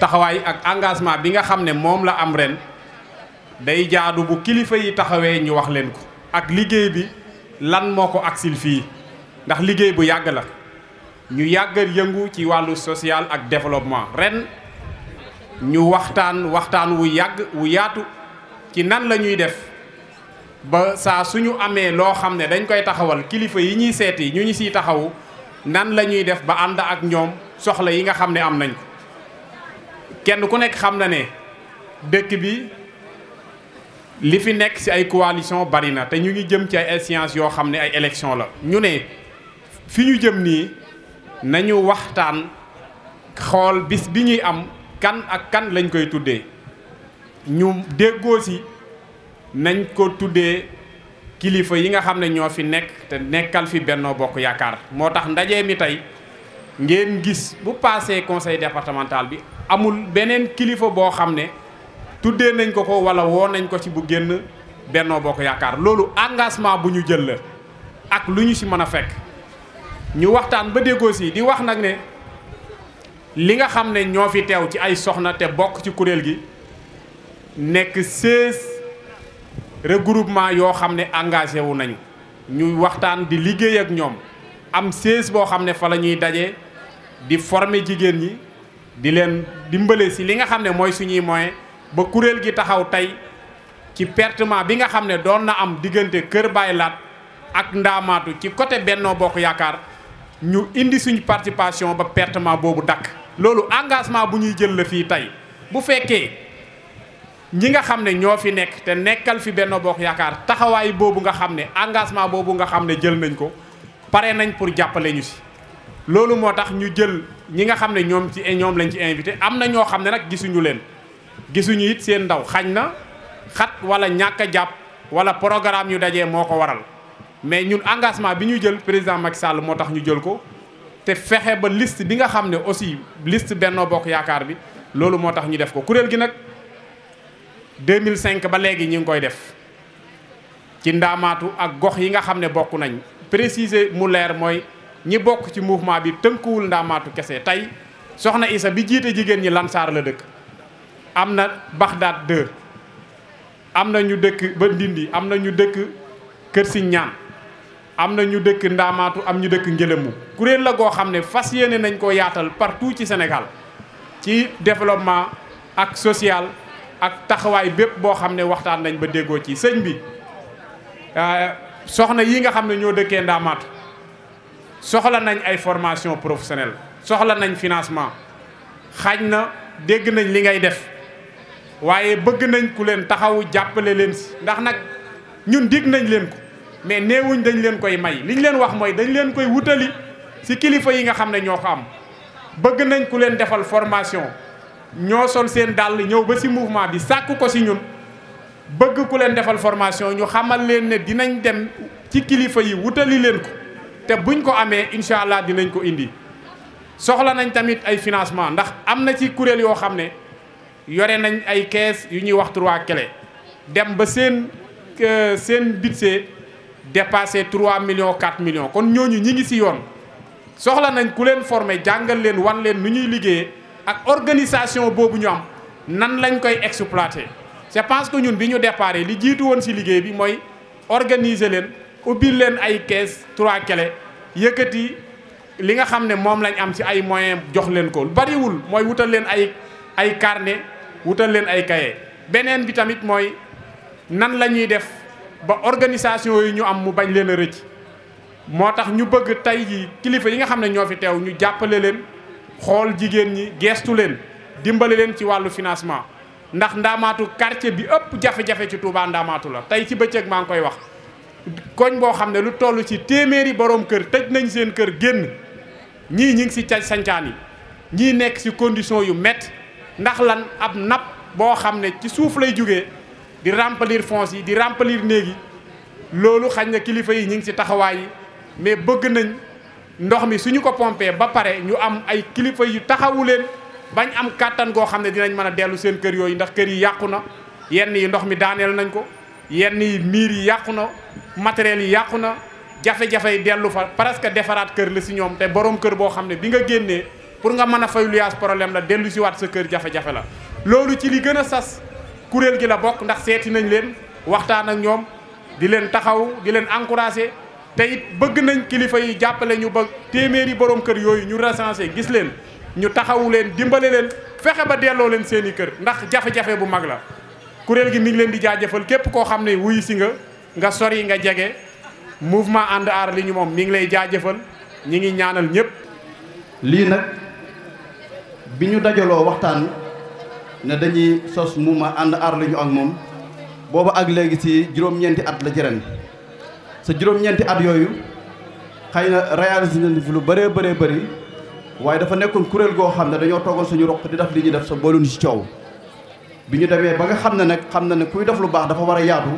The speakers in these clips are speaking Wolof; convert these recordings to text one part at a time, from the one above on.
taxawaay ak engagement bi nga xam ne moom la am ren day jaadu bu kilifa yi taxawee ñu wax leen ko ak liggéey bi lan moo ko agsil fii ndax liggéey bu yàgg la ñu yàggal yëngu ci wàllu social ak développement ren ñu waxtaan waxtaan wu yàgg wu yaatu ci nan lañuy def ba saa su ñu amee loo xam ne dañ koy taxawal kilifa yi ñuy seeti ñu ñu siy taxawu nan la ñuy def ba ànd ak ñoom soxla yi nga xam ne am nañ kenn ku nekk xam na ne dëkk bi li fi nekk ci ay coalition bari na te ñu ngi jëm ci ay échéances yoo xam ne ay élection la ñu ne fi ñu jëm nii nañu waxtaan xool bis bi ñuy am kan ak kan lañ koy tuddee ñu déggoo si nañ ko tuddee kilifa yi nga xam ne ñoo fi nekk te nekkal fi Benno Bokk Yaakaar moo tax ndaje mi tey ngeen gis bu paasee conseil départemental bi amul beneen kilifa boo xam ne tuddee nañ ko ko wala woo nañ ko ci bu génn Benno Bokk Yaakaar loolu engagement bu ñu jël la ak lu ñu ci mën a fekk ñu waxtaan ba déggoo si di wax nag ne li nga xam ne ñoo fi teew ci ay soxna te bokk ci kuréel gi nekk seize regroupement yoo xam ne engagé wu nañu ñu waxtaan di liggéey ak ñoom am seize boo xam ne fa la ñuy daje. di former jigéen ñi di leen dimbale si li nga xam ne mooy suñuy moyen ba kuréel gi taxaw tey ci pertement bi nga xam ne doon na am diggante Kër Baye Laat ak Ndaamaatu ci côté benn Bokk Yaakaar ñu indi suñu participation ba pertement boobu dakk loolu engagement bu ñuy jël la fii tey bu fekkee ñi nga xam ne ñoo fi nekk te nekkal fi benn Bokk Yaakaar taxawaay boobu nga xam ne engagement boobu nga xam ne jël nañ ko pare nañ pour jàppale ñu si loolu moo tax ñu jël ñi nga xam ne ñoom ci ñoom lañ ci invité am na ñoo xam ne nag gisuñu leen gisuñu it seen ndaw xañ na xat wala ñàkk a jàpp wala programme yu dajee moo ko waral mais ñun engagement bi ñu jël président Macky sàll moo tax ñu jël ko te fexe ba liste bi nga xam ne aussi liste Benno Bokk Yaakaar bi loolu moo tax ñu def ko kuréel gi nag 2005 ba léegi ñu ngi koy def ci ndaamaatu ak gox yi nga xam ne bokk nañ préciser mu leer mooy ñi bokk ci mouvement bi tënkuwul ndaamaatu kese tey soxna Isa bi jiite jigéen ñi Lansar la dëkk am na Baxdaat 2 am na ñu dëkk ba Ndindi am na ñu dëkk Kër siñ ñaan am na ñu dëkk ndaamaatu am ñu dëkk ngelamu kuréel la goo xam ne fas yéene nañ ko yaatal partout ci senegal ci développement ak social ak taxawaay bépp boo xam ne waxtaan nañ ba déggoo ci sëñ bi euh, soxna yi nga xam ne ñoo dëkkee ndaamaatu soxla nañ ay formation professionnelle soxla nañ financement xaaj na dégg nañ li ngay def waaye bëgg nañ ku leen taxawu jàppale leen si ndax nag ñun dégg nañ leen ko mais néewuñ dañ leen koy may li ñu leen wax mooy dañ leen koy wutali si kilifa yi nga xam ne ñoo ko am bëgg nañ ku leen defal formation ñoo sol seen dàll ñëw ba si mouvement bi sàkk ko si ñun bëgg ku leen defal formation ñu xamal leen ne dinañ dem ci kilifa yi wutali leen ko te buñ ko amee incha allah dinañ ko indi soxla nañ tamit ay financement ndax am na ci kuréel yoo xam ne yore nañ ay kees yu ñuy wax trois clés dem ba seen euh, seen budget dépassé trois millions quatre millions kon ñooñu ñi ngi si yoon soxla nañ ku leen former jàngal leen wan leen nu ñuy liggéeyee ak organisation boobu ñu am nan lañ koy exploiter c'est parce que ñun bi ñu déparé li jiitu woon si liggéey bi mooy organiser leen ubbil leen ay kees trois kele yëkkati li nga xam ne moom lañ am ci ay moyen jox leen ko bariwul mooy wutal leen ay ay carnet wutal leen ay cahier beneen bi tamit mooy nan la ñuy def ba organisation yi ñu am mu bañ leen a rëcc moo tax ñu bëgg tey ji kilifa yi nga xam ne ñoo fi teew ñu jàppale leen xool jigéen ñi geestu leen dimbale leen ci wàllu financement ndax ndaamaatu quartier bi ëpp jafe-jafe ci Touba ndaamaatu la tey ci bëccëg maa ngi koy wax koñ boo xam ne lu toll ci téeméeri borom kër tëj nañ seen kër génn ñii ñi ngi si ca sancaan yi ñii nekk si condition yu métti ndax lan ab napp boo xam ne ci suuf lay jógee di remplir fonds yi di remplir néeg yi loolu xañ na kilifa yi ñi ngi si taxawaay yi mais bëgg nañ ndox mi suñu ko pompee ba pare ñu am ay kilifa yu taxawu leen bañ am kàttan goo xam ne dinañ mën a dellu seen kër yooyu ndax kër yi yàqu na yenn yi ndox mi daaneel nañ ko yenn yi miir yi yàqu na matériel yi yàqu na jafe-jafe yi dellu fa presque defaraat kër la si ñoom te borom kër boo xam ne bi nga génnee pour nga mën a fay problème la dellu si waat sa kër jafe-jafe la. loolu ci li gën a sas kuréel gi la bokk ndax seeti nañ leen waxtaan ak ñoom di leen taxaw di leen encouragé tey it bëgg nañ kilifa yi jàppale ñu ba téeméeri borom kër yooyu ñu recensé gis leen ñu taxawu leen dimbale leen fexe ba delloo leen seen kër ndax jafe bu mag la. kuréel gi mi ngi leen di jaajëfal képp koo xam ne wuyu si nga nga sori nga jege mouvement ànd aar ñu moom mi ngi lay jaajëfal ñi ngi ñaanal ñëpp. lii nag bi ñu dajaloo waxtaan ne dañuy sos mouvement ànd aar ñu ak moom booba ak léegi si juróom-ñeenti at la ci ren sa juróom-ñeenti at yooyu xëy na réalisé nañu fi lu bare bëree bëri waaye dafa nekkoon kuréel goo xam ne dañoo toogoon suñu roq di def li ñuy def sa booluñu si coow. bi ñu demee ba nga xam ne nag xam na ne kuy def lu baax dafa war a yaatu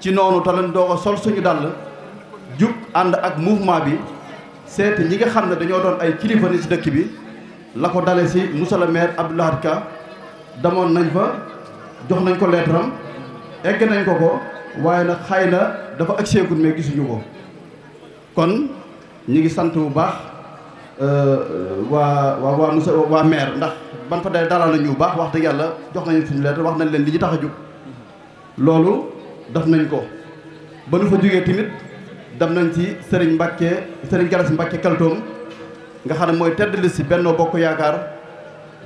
ci noonu te leen doog sol suñu dàll jug ànd ak mouvement bi seet ñi nga xam ne dañoo doon ay kilifa ni ci dëkk bi la ko dale si monsieur le maire Abdou Ka demoon nañ fa jox nañ ko lettre am egg nañ ko ko waaye nag xay na dafa agseegul mais gisuñu ko kon ñi ngi sant bu baax Euh, euh, waa waa waa monsieur waa maire ndax ban fa day dalal nañu bu baax wax dëgg yàlla jox nañu suñu lettre wax nañ leen li ñu tax a jóg loolu def nañ ko ba nu fa jógee tamit dem nañ ci sëriñ Mbacke sëriñ Gallas Mbacke Kaltoom nga xam ne mooy tedd liste si Benno Bokk Yaakaar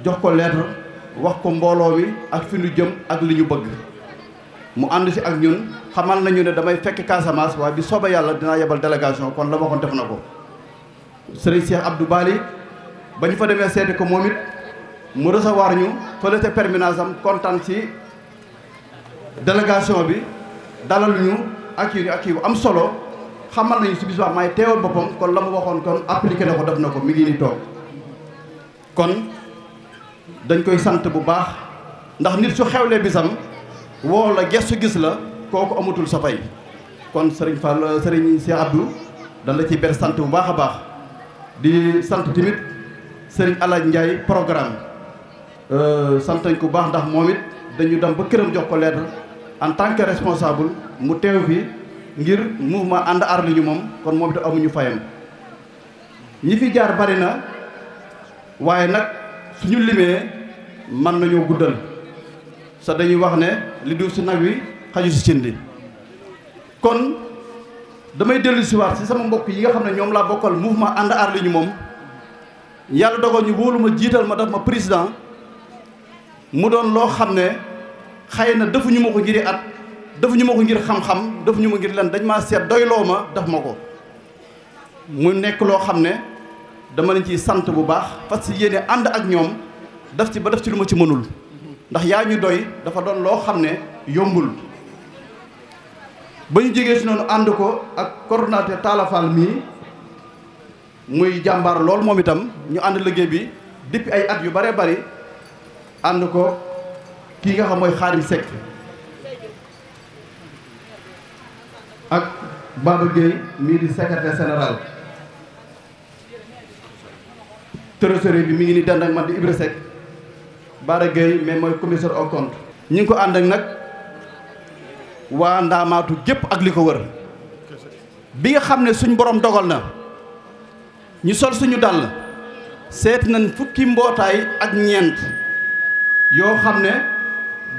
jox ko lettre wax ko mbooloo mi ak fi ñu jëm ak li ñu bëgg mu ànd si ak ñun xamal nañu ne damay fekk Casamance waaye bi soobee yàlla dinaa yebal délégation kon la waxoon def na ko sëriñ Cheikh Abdou Bali ba ñu fa demee seeti ko moom it mu recevoir ñu fële ca permanence am kontaan ci délégation bi dalal ñu ak yu ak yu am solo xamal nañu si bis baax may teewal boppam kon la mu waxoon kon appliqué na ko def na ko mi ngi ni toog kon dañ koy sant bu baax ndax nit su xewlee bisam woo la gestu gis la kooku amatul sa fay kon sëriñ Fall sëriñ Cheikh Abdou dañ la ciy ber sant bu baax a baax di sant tamit Serigne Alaaji Ndiaye programme euh, sant nañ ko baax ndax moom it dañu dem ba këram jox ko lettre en tant que responsable mu teew fi ngir mouvement ànd aar li moom kon moom itam amuñu fayam ñi fi jaar bari na waaye nag ñu limee mën nañoo guddal sa dañuy wax ne li si nag wi xaju si cin li damay dellu si waat sama mbokk yi nga xam ne ñoom laa bokkal mouvement ànd aar ñu moom yàlla dogal ñu wóolu ma jiital ma def ma président mu doon loo xam ne xëy na defuñu ma ko ngiri at defuñu ma ko ngir xam-xam defuñu ma ngir leen dañ maa seet doyloo ma def ma ko mu nekk loo xam ne dama leen ciy sant bu baax parce que yéene ànd ak ñoom def ci ba def ci lu ma ci mënul ndax yaa ñu doy dafa doon loo xam ne yombul ba ñu jegee si noonu ànd ko ak coordonnateur Talla mii muy jàmbaar lool moom itam ñu ànd liggéey bi depuis ay at yu bare bari ànd ko kii nga xam mooy Xaadim Seck ak Baba Gueye mii di secrétaire général trésorier bi mu ngi ni dend ak man di Ibra Seck Bara Gueye mais mooy commissaire au compte ñi ngi ko ànd ak nag waa ndaamaatu gépp ak li ko wër bi nga xam ne suñ borom dogal na ñu sol suñu dàll seet nañ fukki mbootaay ak ñeent yoo xam ne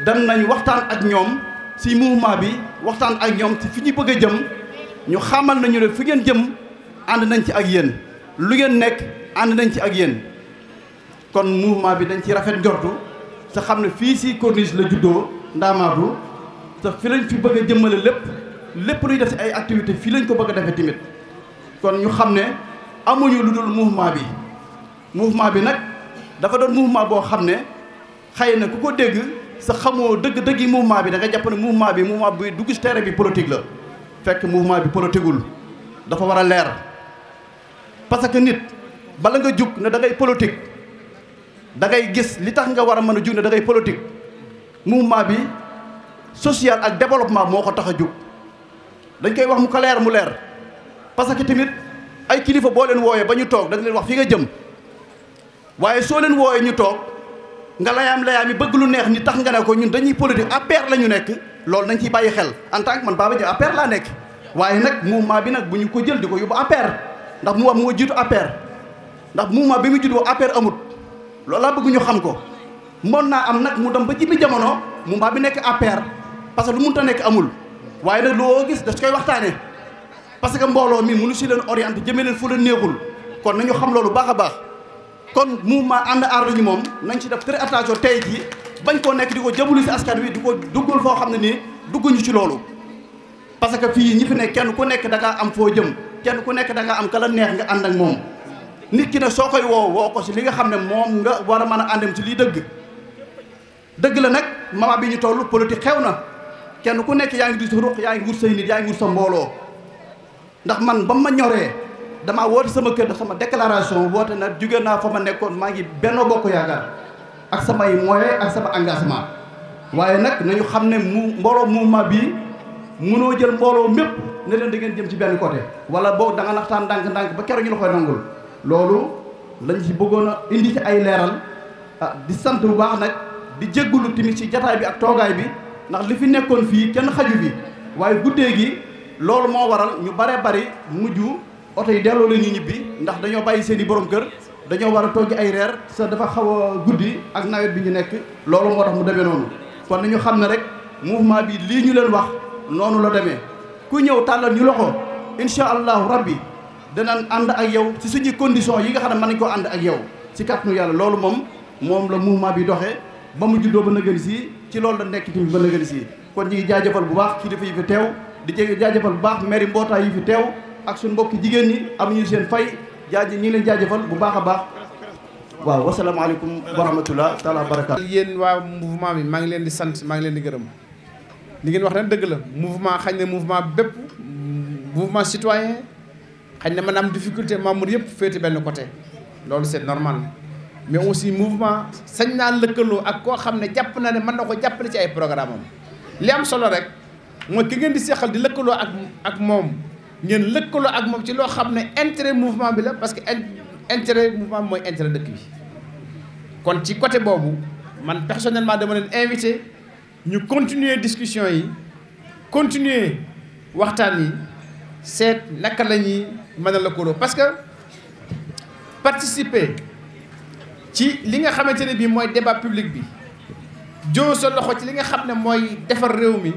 dem nañ waxtaan ak ñoom si mouvement bi waxtaan ak ñoom si fi ñu bëgg jëm ñu xamal nañu ne fu ngeen jëm ànd nañ ci ak yéen lu ngeen nekk ànd nañ ci ak yéen kon mouvement bi dañ ci rafet njortu te xam ne fii si corniche la juddoo Ndaamaatu te fi lañ fi bëgg a jëmmale lépp lépp luy def si ay activité fii lañ ko bëgg a defee tamit kon ñu xam ne amuñu lu dul mouvement bi mouvement bi nag dafa doon mouvement boo xam ne xëy na ku ko dégg sa xamoo dëgg dëgg yi mouvement bi da nga jàpp ne bi mouvement bi dugg si terrain bi politique la fekk mouvement bi politiqueul dafa war a leer parce que nit bala nga jug ne da ngay politique da ngay gis li tax nga war a mën a jug ne da ngay politique bi social ak développement moo ko tax a jóg dañ koy wax mu ko mu leer parce que tamit ay kilifa boo leen wooyee ba ñu toog da nga leen wax fi nga jëm waaye soo leen wooyee ñu toog nga layaam layaam yi bëgg lu neex ni tax nga ne ko ñun dañuy politique APR la ñu nekk lool nañ ciy bàyyi xel en tant que man Baba Diaw APR laa nekk waaye nag mouvement bi nag bu ñu ko jël di ko yóbbu APR ndax mu wax moo jiitu APR ndax mouvement bi mu jiitu APR amut loolu laa bëgg ñu xam ko mën naa am nag mu dem ba ci bi jamono mouvement bi nekk APR parce que mun te nekk amul waaye nag loo gis daf koy waxtaanee parce que mbooloo mi munu si leen orienté jëmee leen fu leen neexul kon nañu xam loolu baax a baax kon mu mouvement ànd aar ñu moom nañ ci def très attention tey jii bañ koo nekk di ko jëmale si askan wi di ko duggul foo xam ne nii dugguñu ci loolu. parce que fii ñi fi nekk kenn ku nekk dangaa am foo jëm kenn ku nekk da ngaa am kala neex nga ànd ak moom nit ki ne soo koy woowoo woo ko si li nga xam ne moom nga war a mën a àndam ci lii dëgg dëgg la nag moment bi ñu toll politique xew na. kenn ku nekk yaa ngi di sa ruq yaa ngi wut say nit sa mbooloo ndax man ba ma ñoree dama woote sama kër sama déclaration woote na jóge naa fa ma nekkoon maa ngi benn Bokk Yaakaar ak samay moyens ak sama engagement waaye nag nañu xam ne mu mbooloo mouvement bii mënoo jël mbooloo mépp ne leen da ngeen jëm ci benn côté wala boog da nga naxtaan ndànk-ndànk ba keroog ñu la koy nangul loolu lañu ci bëggoon a indi ci ay leeral ah, di sant bu baax nag di jéggulu tamit ci jataay bi ak toogaay bi ndax li fi nekkoon fii kenn xaju bi waaye guddee gi loolu moo waral ñu bare bari mujj oto yi delloo la ñu ñibbi ndax dañoo bàyyi seen i borom kër dañoo war a togg ay reer sa dafa xaw a guddi ak nawet bi ñu nekk loolu moo tax mu demee noonu kon nañu xam ne rek mouvement bi lii ñu leen wax noonu la demee ku ñëw tàllal ñu loxo incha allahu rabbi danañ ànd ak yow ci suñu condition yi nga xam ne mën nañ koo ànd ak yow ci kàttanu yàlla loolu moom moom la mouvement bi doxee ba mu juddoo ba nëgën si ci loolu la nekk ci ba nëgëri si kon ñu ngi jaajëfal bu baax kilifa yi fi teew di jege jaajëfal bu baax mairie mbootaay yi fi teew ak suñu mbokki jigéen ñi amuñu seen fay jaajë ñu ngi leen jaajëfal bu baax a baax waaw wasalaamaaleykum wa rahmatullah taala wa barakaatu yéen waa mouvement bi maa ngi leen di sant maa ngi leen di gërëm li ngeen wax nag dëgg la mouvement xañ ne mouvement bépp mouvement citoyen xañ na maanaam difficulté membre yëpp féete benn côté loolu c'est normal mais aussi mouvement sañ naa lëkkaloo ak koo xam ne jàpp na ne mën na ko jàppale ci ay programme li am solo rek mooy ki ngeen di seqal di lëkkaloo ak ak moom ngeen lëkkaloo ak moom ci loo xam ne intérêt mouvement bi la parce que intérêt mouvement bi mooy intérêt dëkk bi kon ci côté boobu man personnellement dama leen invité ñu continuer discussion yi continuer waxtaan yi seet naka la ñuy mën a lëkkaloo parce que participer ci li nga xamante ne bii mooy débat public bi joo sa loxo ci li nga xam ne mooy defar réew mi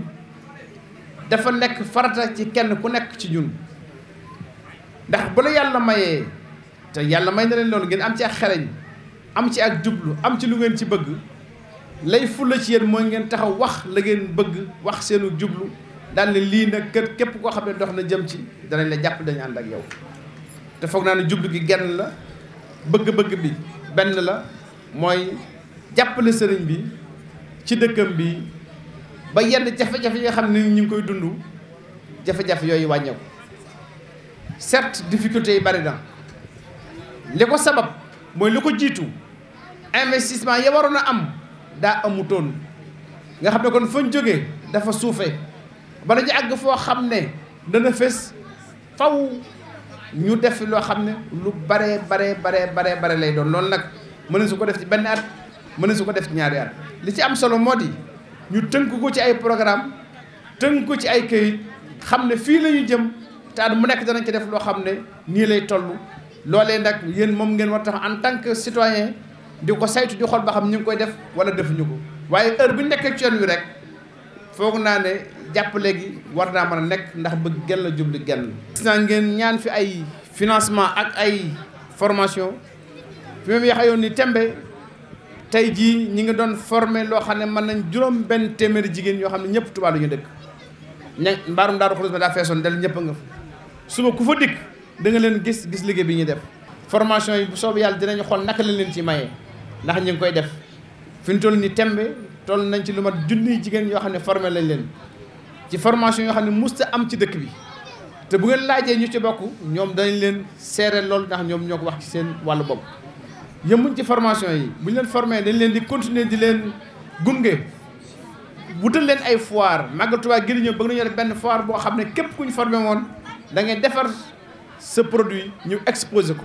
dafa nekk farata ci kenn ku nekk ci ñun ndax bu la yàlla mayee te yàlla may na leen loolu ngeen am ci ak xereñ am ci ak jublu am ci lu ngeen ci bëgg lay fulla ci yéen mooy ngeen taxaw wax la ngeen bëgg wax seenu jublu daal ne lii nag kër képp koo xam ne dox na jëm ci danañ la jàpp dañu ànd ak yow te foog naa ne jublu gi genn la bëgg-bëgg bi benn la mooy jàppale sëriñ bi ci dëkkam bi ba yenn jafe-jafe yi nga xam ne ñu ngi koy dund jafe yooyu wàññeeku certes difficultés yi bari na li ko sabab mooy li ko jiitu investissement ya waroon a am daa amutoon nga xam ne kon fañ jógee dafa suufe bala ñu àgg foo xam ne dana fës faw ñu def loo xam ne lu baree baree baree baree bare lay doon loolu nag mënees su ko def ci benn at mënees su ko def ci ñaari at li ci am solo moo di ñu tënk ko ci ay programme tënk ko ci ay këyit xam ne fii la jëm te at mu nekk danañ ci def loo xam ne nii lay toll loolee nag yéen moom ngeen war tax en tant que citoyen di ko saytu di xool ba xam ñu ngi koy def wala defuñu ko waaye heure bu nekkee ci wi rek foog naa ne jàppale gi war naa mën a nekk ndax bëgg genn la jubli genn gis naa ngeen ñaan fi ay financement ak ay formation fi mu yaxa ni tembe tey jii ñi ngi doon formé loo xam ne mën nañ juróom benn téeméeri jigéen yoo xam ne ñëpp Tuubaa la ñu dëkk ña mbaarum daaru xurus ma daa feesoon del ñëpp nga fa suba ku dikk da nga leen gis gis liggéey bi ñuy def formation yi bu soobee yàlla dinañu xool naka lañ leen ci mayee ndax ñu ngi koy def fi ñu toll nii tembe toll nañ ci lu mat junniy jigéen yoo xam ne formé lañ leen ci formation yoo xam ne musta am ci dëkk bi te bu ngeen laajee ñu ci bokk ñoom dañ leen seereel loolu ndax ñoom ñoo ko wax ci seen wàllu bopp yëmuñ ci formation yi bu ñu leen formé dañ leen di continuer di leen gunge wutal leen ay foire Màggal Tuubaa gi ñëw bëgg nañu def benn foire boo xam ne képp ku ñu formé woon da ngay defar sa produit ñu exposé ko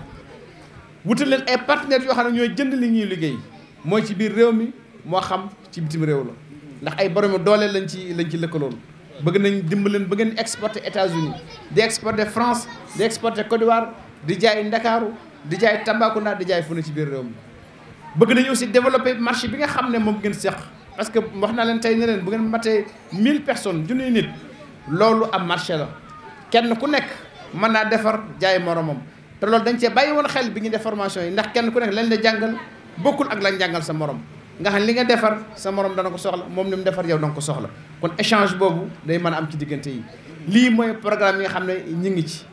wutal leen ay partenaires yoo xam ne ñooy jënd li ñuy liggéey mooy ci biir réew mi moo xam ci bitim réew la ndax ay borom doole lañ ci lañ ci lëkkaloon. bëgg nañ dimbaleen ba ngeen exporté États-Unis di exporté France di exporté Côte di jaay Ndakaaru di jaay Tambacounda di jaay fu ne ci biir réew mi bëgg nañu aussi développé marché bi nga xam ne moom ngeen seq parce que wax naa leen tey ne leen bu ngeen matee mille personnes junniy nit loolu am marché la kenn ku nekk mën naa defar jaay moromam te loolu dañ cee bàyyi woon xel bi ñuy def formation yi ndax kenn ku nekk lañ la jàngal bokkul ak lañ jàngal sa morom nga xam li nga defar sa morom dana ko soxla moom li mu defar yow danga ko soxla kon échange boobu day mën a am ci diggante yi lii mooy programme yi nga xam ne ñu ngi ci.